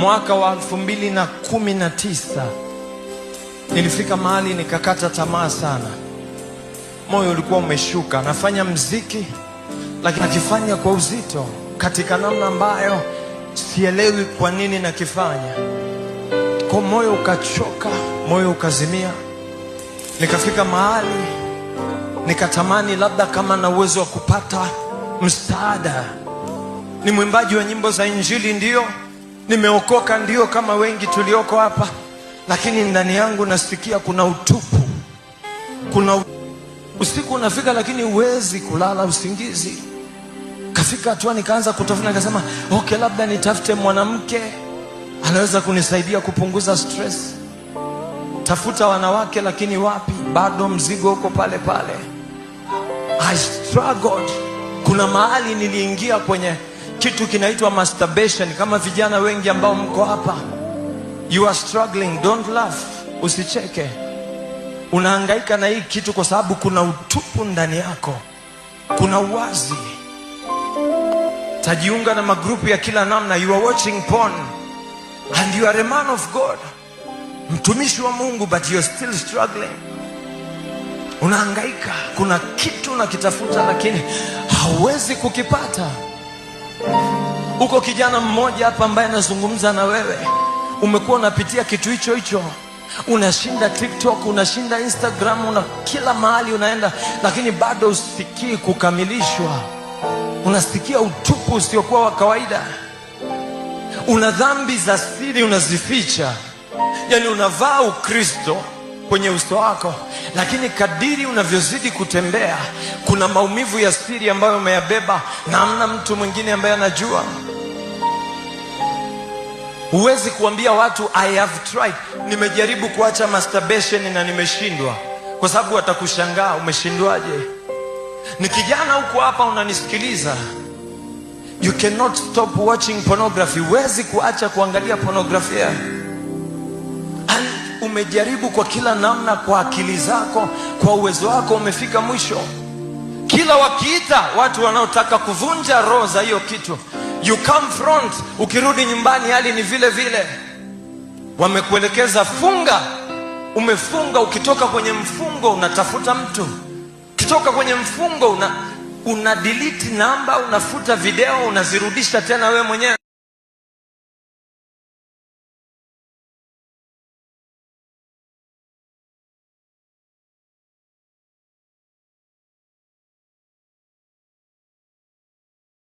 Mwaka wa 2019 nilifika mahali nikakata tamaa sana, moyo ulikuwa umeshuka. Nafanya mziki lakini nakifanya kwa uzito, katika namna ambayo sielewi kwa nini nakifanya. Kwa moyo ukachoka, moyo ukazimia, nikafika mahali nikatamani labda kama na uwezo wa kupata msaada. Ni mwimbaji wa nyimbo za Injili ndio Nimeokoka ndio kama wengi tulioko hapa, lakini ndani yangu nasikia kuna utupu, kuna usiku unafika, lakini huwezi kulala usingizi. Kafika hatua nikaanza kutafuta, nikasema okay, labda nitafute mwanamke anaweza kunisaidia kupunguza stress. Tafuta wanawake, lakini wapi, bado mzigo uko pale pale. I struggled. Kuna mahali niliingia kwenye kitu kinaitwa masturbation. Kama vijana wengi ambao mko hapa, you are struggling, don't laugh, usicheke. Unahangaika na hii kitu kwa sababu kuna utupu ndani yako, kuna uwazi. Tajiunga na magrupu ya kila namna. You are watching porn and you are a man of God, mtumishi wa Mungu, but you are still struggling unahangaika, kuna kitu unakitafuta lakini hauwezi kukipata. Uko kijana mmoja hapa ambaye anazungumza na wewe, umekuwa unapitia kitu hicho hicho, unashinda TikTok, unashinda Instagram, una kila mahali unaenda, lakini bado usikii kukamilishwa. Unasikia utupu usiokuwa wa kawaida, una dhambi za siri unazificha, yaani unavaa Ukristo kwenye uso wako, lakini kadiri unavyozidi kutembea, kuna maumivu ya siri ambayo umeyabeba na hamna mtu mwingine ambaye anajua. Huwezi kuambia watu I have tried, nimejaribu kuacha masturbation na nimeshindwa, kwa sababu watakushangaa umeshindwaje? Ni kijana huko hapa unanisikiliza, you cannot stop watching pornography, huwezi kuacha kuangalia pornografia umejaribu kwa kila namna, kwa akili zako, kwa uwezo wako, umefika mwisho. Kila wakiita watu wanaotaka kuvunja roho za hiyo kitu, you come front, ukirudi nyumbani hali ni vile vile. Wamekuelekeza funga, umefunga. Ukitoka kwenye mfungo unatafuta mtu, ukitoka kwenye mfungo una, una delete namba, unafuta video, unazirudisha tena wewe mwenyewe.